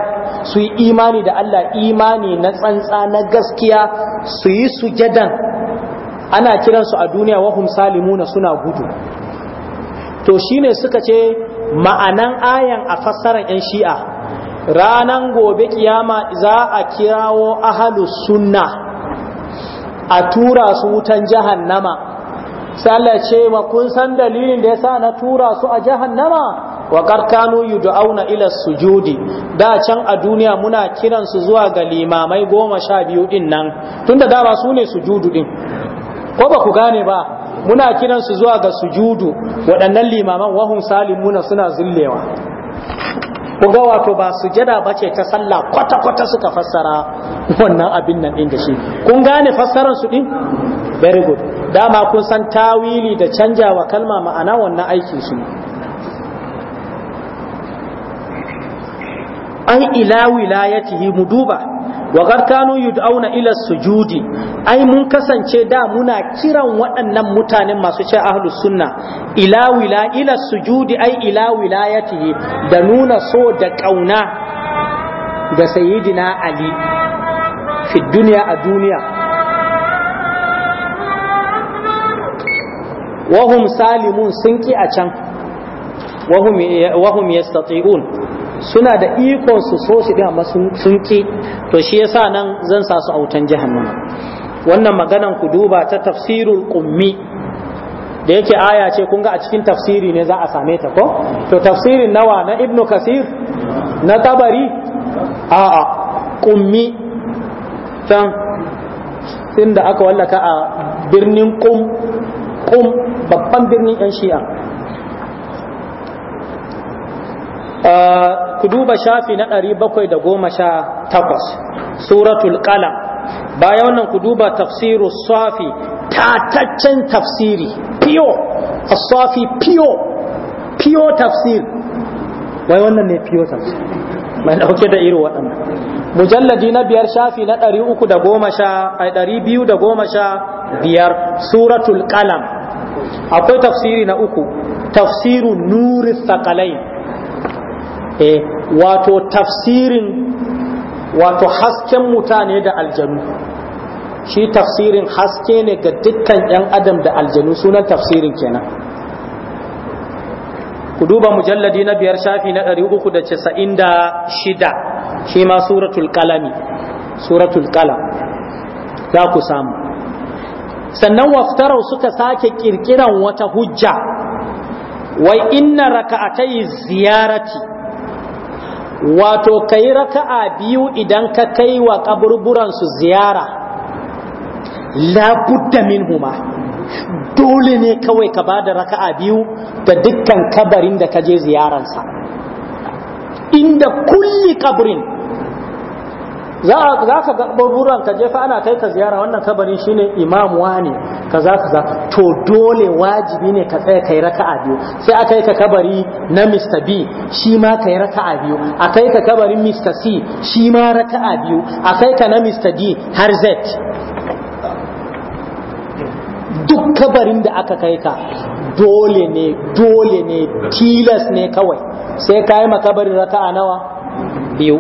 su yi imani da Allah imani na tsantsa na gaskiya su yi sujadan ana kiran su a duniya wa hum salimuna suna gudu to shine suka ce ma'anan ayan a fassarar 'yan shi'a ranan gobe kiyama za a kirawo ahalu sunna a tura su wutan jahannama sallah ce ma kun san dalilin da ya sa na tura su a jahannama wa karkanu ilas su sujudi da can a duniya muna kiransu zuwa ga limamai goma sha biyu din nan tunda dama su ne su judu din ko ba ku gane ba muna kiran su zuwa ga sujudu waɗannan limaman wahun salimuna suna zullewa kuga wato ba sujada ba ce ta sallah kwata-kwata suka fassara wannan abin nan ɗin da shi kun gane fassarar su ɗin very good dama kun san tawili da canja wa kalma ma'ana wannan aikin su ai ila wilayatihi mu duba wa garkanu auna ila sujudi ai mun kasance da muna kiran waɗannan mutane masu ce ahlus sunna ila wila ila sujudi ai ila wilayatihi da nuna so da kauna ga sayyidina ali fi dunya a duniya wahum salimun sun ki a can wahum yastati'un suna da ikon su so su amma sun ki to shi yasa nan zan sa su a wutan jahannama wannan maganan ku duba ta tafsirul qummi da yake aya ce kun ga a cikin tafsiri ne za a same ta ko to tafsirin nawa na ibnu kasir na tabari a a qummi inda aka wallaka a birnin qum qum babban birnin yan shi'a Uh, ku duba shafi na ɗari bakwai da goma sha takwas suratul qalam bayan wannan ku duba tafsiru safi tataccen tafsiri piyo safi piyo piyo tafsir wai wannan ne piyo tafsir mai ɗauke da iri waɗannan mujalladi na biyar shafi na ɗari uku da goma sha ɗari biyu da goma sha biyar suratul ƙalam akwai tafsiri na uku tafsiru nuri sakalai eh wato tafsirin wato hasken mutane da aljanu shi tafsirin haske ne ga dukkan yan adam da aljanu sunan tafsirin kenan ku duba mujalladi na biyar shafi na 396 shi ma suratul qalami suratul qalam za ku samu sannan waftarau suka sake kirkiran wata hujja wai inna raka'atayi ziyarati wato ka yi raka'a biyu idan ka kai wa kaburburansu ziyara labudda minhuma dole ne kawai ka bada raka'a biyu da dukkan kabarin da ka je ziyaransa inda kulli kaburin za ka ga ɓarɓuran ka jefa ana kai ka ziyara wannan kabarin shine imam wani kaza kaza to dole wajibi ne ka tsaya kai raka'a biyu sai a kai ka kabari na Mr B shi ma kai raka'a biyu a kai ka kabarin Mr C shi ma raka'a biyu a kai ka na Mr D har Z duk kabarin da aka kai ka dole ne dole ne tilas ne kawai sai ka yi makabarin raka'a nawa biyu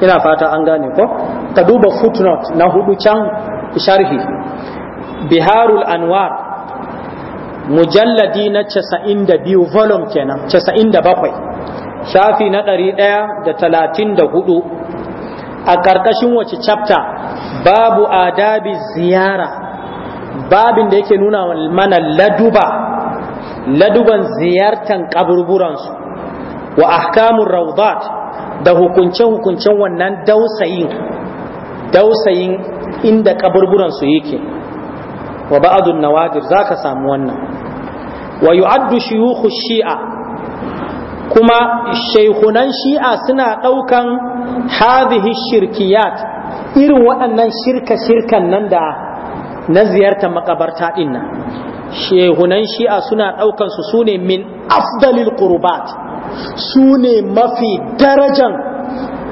ina fata an gane ko ka duba footnote na hudu can sharhi biharul anwar mujalladi na 92 volume kenan 97 shafi na 134 a karkashin wace chapter babu adabi ziyara babin da yake nuna mana laduba laduban ziyartan kaburburansu wa ahkamun raudat da hukunce-hukuncen wannan dausayin dausayin inda kaburburansu yake wa ba'adun nawadir za ka samu wannan wa yu'addu shuyukhu shi'a kuma shaykhunan shi'a suna daukan hadhihi shirkiyat irin waɗannan shirka shirkan nan da na ziyartar makabarta din nan shehunan shi'a suna ɗaukansu su ne min afdalil qurbat su ne mafi darajan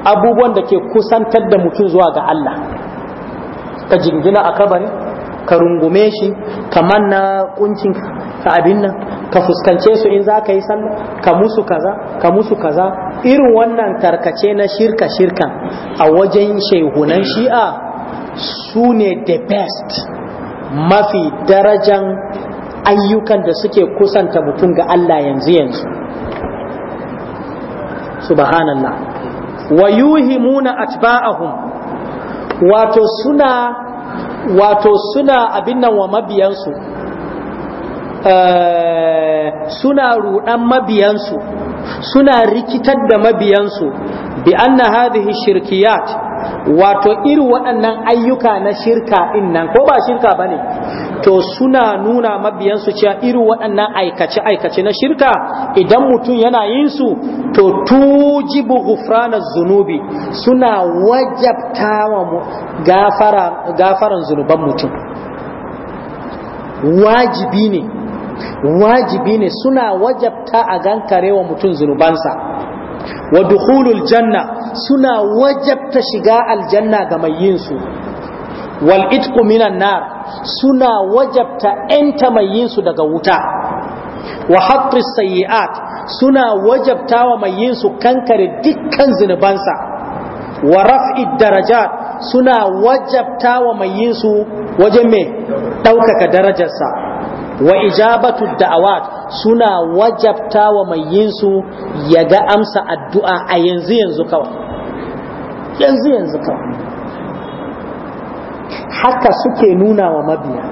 abubuwan da ke kusantar da mutum zuwa ga Allah ka jingina a kabari ka rungume shi ka manna kuncin ka abin nan ka fuskance su in za ka yi sallah ka musu kaza ka musu kaza irin wannan tarkace na shirka shirkan a wajen shehunan shi'a su ne the best mafi darajan ayyukan da suke kusanta mutum ga Allah yanzu yanzu subhanallah wa yuhimuna atba'ahum wato suna wato suna abin nan wa mabiyansu eh, suna rudan mabiyansu suna rikitar da mabiyansu bi anna hadhihi shirkiyat wato irin waɗannan ayyuka na shirka ɗin nan ko ba shirka ba ne to suna nuna mabiyansu cewa irin waɗannan aikace-aikace na shirka idan mutum yana yin su to tujibu gufranar zunubi suna wajabta wa gafaran zunuban mutum wajibi ne wajibi ne suna wajabta a gankarewa mutum zunubansa wa dukhulul janna suna wajabta shiga aljanna ga mai yin su wal itqu minan nar suna wajabta enta mai yin su daga wuta wa hatris sayyi'at suna wajabta wa mai yin su kankare dukkan zinubansa wa raf'i darajat suna wajabta wa mai yin su wajen me daukaka darajarsa wa ijabatu da'awat suna wajabta wa mai yin su ya ga amsa addu'a a yanzu yanzu kawai yanzu yanzu kawai haka suke nuna wa mabiya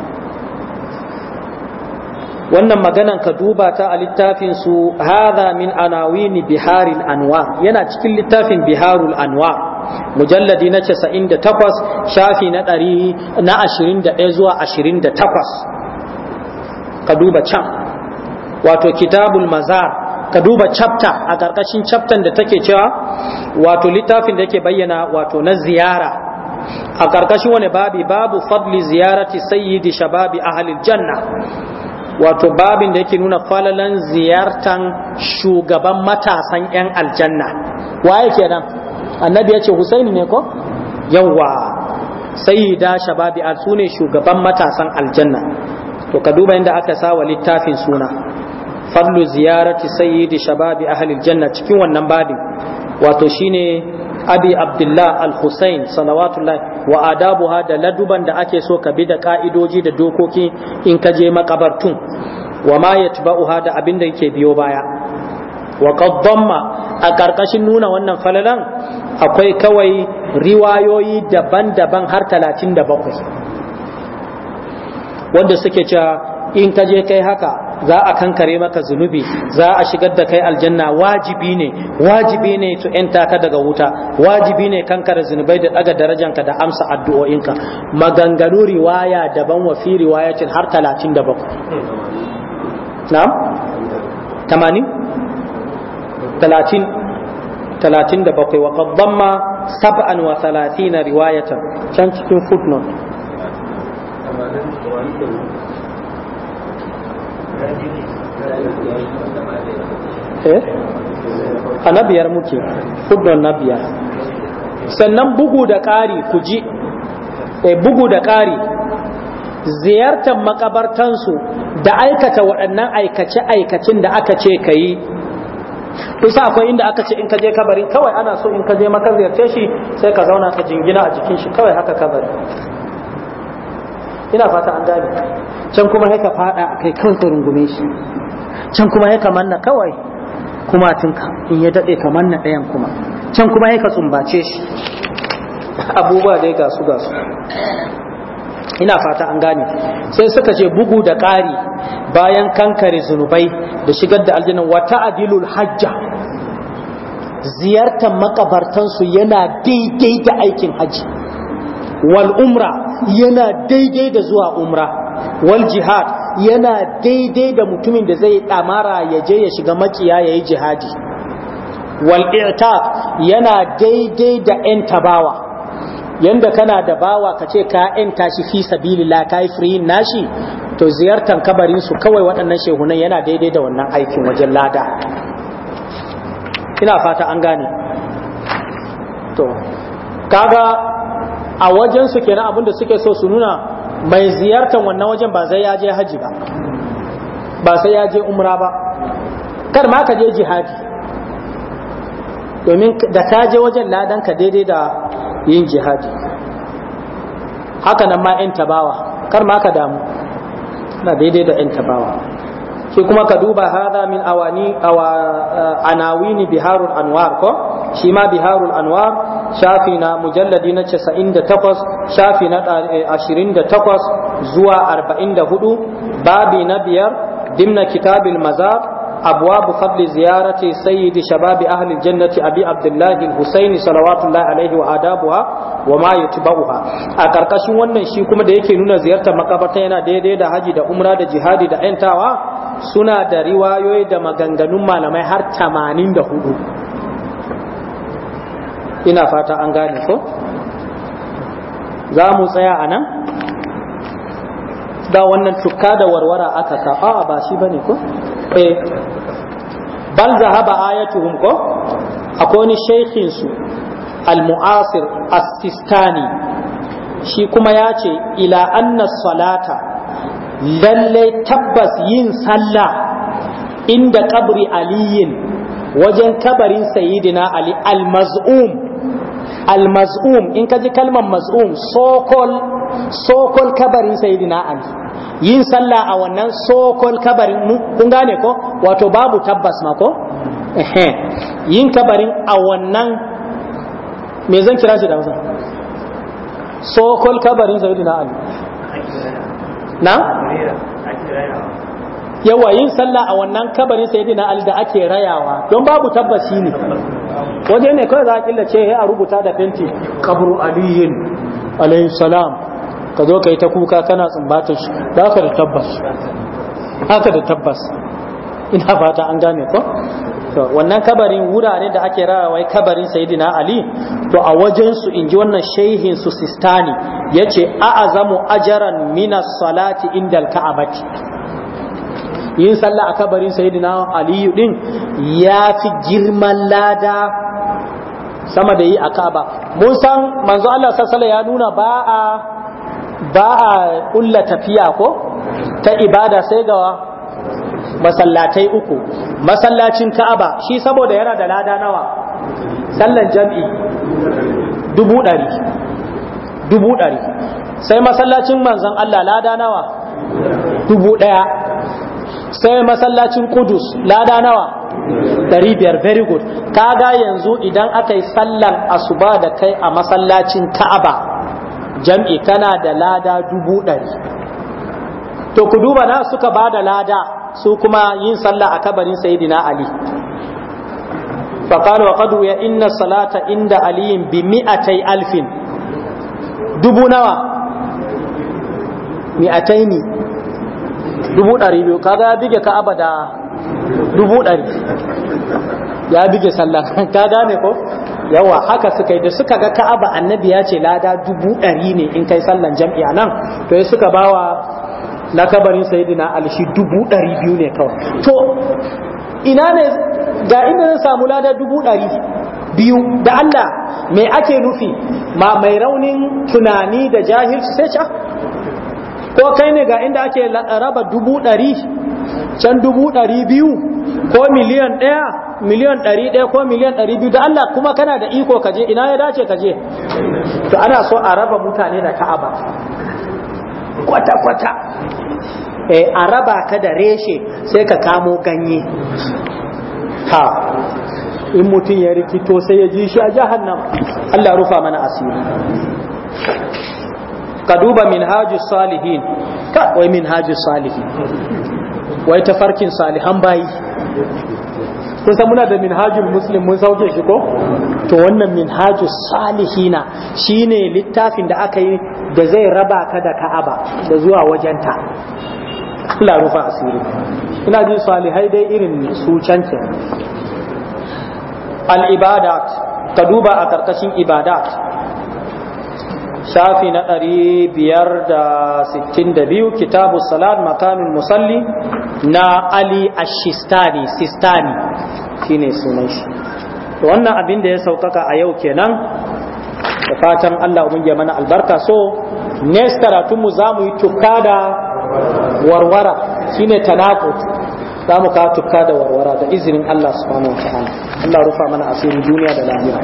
wannan maganan ka duba ta a littafin su hadha min anawini Biharin anwar yana cikin littafin biharul anwar mujalladi na 98 shafi na 100 na 21 zuwa 28 ka duba can wato kitabul mazar ka duba chapter a ƙarƙashin chapter da take cewa wato littafin da yake bayyana wato na ziyara a ƙarƙashin wani babi babu fadli ziyarati sayyidi shababi ahlil janna wato babin da yake nuna falalan ziyartan shugaban matasan 'yan aljanna waye kenan annabi ya ce husaini ne ko yawwa sayyida shababi al sune shugaban matasan aljanna to ka duba inda aka sawa littafin suna fallu ziyarati sayyidi shababi ahli janna cikin wannan babi wato shine abi abdullah al-husayn salawatullah wa adabuha da laduban da ake so ka bi da ka'idoji da dokoki in ka je makabartun wa ma yatba'uha da abin da yake biyo baya wa qad a karkashin nuna wannan falalan akwai kawai riwayoyi daban-daban har 37 wanda suke cewa in ka je kai haka za a kankare maka zunubi za a shigar da kai aljanna wajibi ne wajibi ne to enta ka daga wuta wajibi ne kankare zunubai da daga darajanka da amsa addu'o'inka maganganu riwaya daban wa fi riwayatin har 37 na'am 80 30 37 wa qad damma 37 riwayatan can cikin footnote Eh? a na biyar muke hudun na biyar sannan bugu da ƙari ku ji eh bugu da ƙari ziyartar makabartansu da aikata waɗannan aikace-aikacin da aka ce ka yi tusa akwai inda aka ce in ka je kabari kawai ana so in ka je maka ziyarce shi sai ka zauna ka jingina a jikin shi kawai haka kabari ina fata an gane can kuma haka fada a kai kawai ka rungume shi can kuma haka manna kawai kuma tunka in ya daɗe ka manna ɗayan kuma can kuma haka tsumbace shi abubuwa dai gasu gasu ina fata an gane sai suka ce bugu da ƙari bayan kankare zunubai da shigar da aljanna wa ta'dilul hajja ziyartar makabartansu yana daidai da aikin haji wal umra yana daidai da zuwa umra wal jihad yana daidai da mutumin da zai damara ya je ya shiga makiya ya yi jihadi wal yana daidai da yan tabawa yanda kana da bawa ka ce ka yan tashi fi sabilillah ka yi free nashi to ziyartar kabarin kawai waɗannan shehunan yana daidai da wannan aikin wajen lada ina fata an gane to kaga a wajen su kenan abinda suke so su nuna mai ziyartar wannan wajen ba zai ya je haji ba ba sai ya je umra ba kar ma ka je jihadi domin da ka je wajen ladan ka daidai da yin jihadi haka nan ma 'yan tabawa kar ma ka damu na daidai da 'yan tabawa shi kuma ka duba hada min awani awa eh, anawini biharul anwar ko shi ma biharul anwar shafi na mujalladi na 98 shafi na 28 eh, zuwa 44 babi na biyar dimna kitabil mazab abwabu fadli ziyarati sayyidi shababi ahli jannati abi abdullahi husaini salawatullahi alaihi wa adabuha wa ma yatba'uha a karkashin wannan shi kuma da yake nuna ziyartar makabarta yana daidai da haji da umra da jihadi da yantawa suna da riwayoyi da maganganun malamai har 84 ina fata an gane ko za mu tsaya a nan da wannan tukka da warwara aka ka a ba shi ba ne ko eh bal zahaba ayatuhum ko akwai wani shaikhin su al-mu'asir as-sistani shi kuma ya ce ila anna salata lallai tabbas yin sallah inda kabri aliyin wajen kabarin sayidina ali al-maz'um al-maz'um in ka ji kalmar mas'um, sokol sokol kabarin sayyidina ali yin sallah a wannan sokol kabarin kun gane ko wato babu tabbas ma ko yin kabarin a wannan me zan kira shi da hausa sokol kabarin sayyidina ali na yawa yin sallah a wannan kabarin sayyidina ali da ake rayawa don babu tabbas ne waje ne kawai za a ce a rubuta da fenti kabru aliyin alayhi salam ka zo ka yi ta kuka kana tsumbata shi za ka da tabbas aka da tabbas ina fata an gane ko wannan kabarin wurare da ake wai kabarin sayidina ali to a wajen su inji wannan shehin su sistani yace azamu ajaran minas salati indal ka'abati yin sallah a kabarin sayidina ali din yafi girman lada sama da yi a Ka'aba mun san manzo Allah sallallahu ya nuna ba a ba a ulla tafiya ko ta ibada sai ga masallatai uku masallacin Ka'aba shi saboda yana da lada nawa sallan jami'i? dubu ɗari dubu ɗari sai masallacin manzon Allah lada nawa dubu ɗaya sai masallacin Kudus lada nawa Dari biyar very good kaga yanzu idan aka yi sallan asuba da kai a masallacin ka'aba jam'i kana da lada dubu ɗari to ku duba na suka ba da lada su kuma yin sallah a kabarin sayidina ali faƙalu wa ƙadu ya inna salata inda aliyin bi mi'atai alfin dubu nawa mi'atai ni dubu ɗari biyu kaga ya bige ka'aba da dubu ɗari ya bige sallah ka gane ko yawa haka suka yi da suka ga ka'aba annabi ya ce lada dubu ɗari ne in kai sallan jam'i a nan to ya suka bawa lakabarin sayidina alshi dubu ɗari biyu ne kawai to ina ne ga inda zan samu lada dubu ɗari biyu da Allah mai ake nufi ma mai raunin tunani da jahilci sai ca ko kai ne ga inda ake raba dubu ɗari can dubu ɗari biyu ko miliyan ɗaya miliyan ɗari ɗaya ko miliyan ɗari biyu da Allah kuma kana da iko kaje ina ya dace kaje to ana so a raba mutane da ka'aba kwata-kwata eh a raba ka da reshe sai ka kamo ganye ha in mutum ya rikito sai ya ji shi a jahannam Allah rufa mana asiri ka duba minhajus salihin ka wai minhajus salihin wai tafarkin salihan bayi kun san muna da minhajul muslim mun sauke shi ko to wannan minhajus salihina shine littafin da aka yi da zai raba ka da ka'aba da zuwa wajenta Allah rufa asiri ina jin salihai dai irin su cancan al ibadat ka duba a karkashin ibadat shafi na ɗari biyar da sittin da biyu kitabu salat makamin musalli na ali ashistani sistani shine sunan shi wannan abin da ya saukaka a yau kenan da fatan Allah ubangiya mana albarka so next karatunmu za mu yi tukka da warwara shine tanakut za mu kawo tukka da warwara da izinin Allah subhanahu wa Allah rufa mana asirin duniya da lahira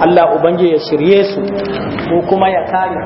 Allah ubangiji ya shirye su ko kuma ya kare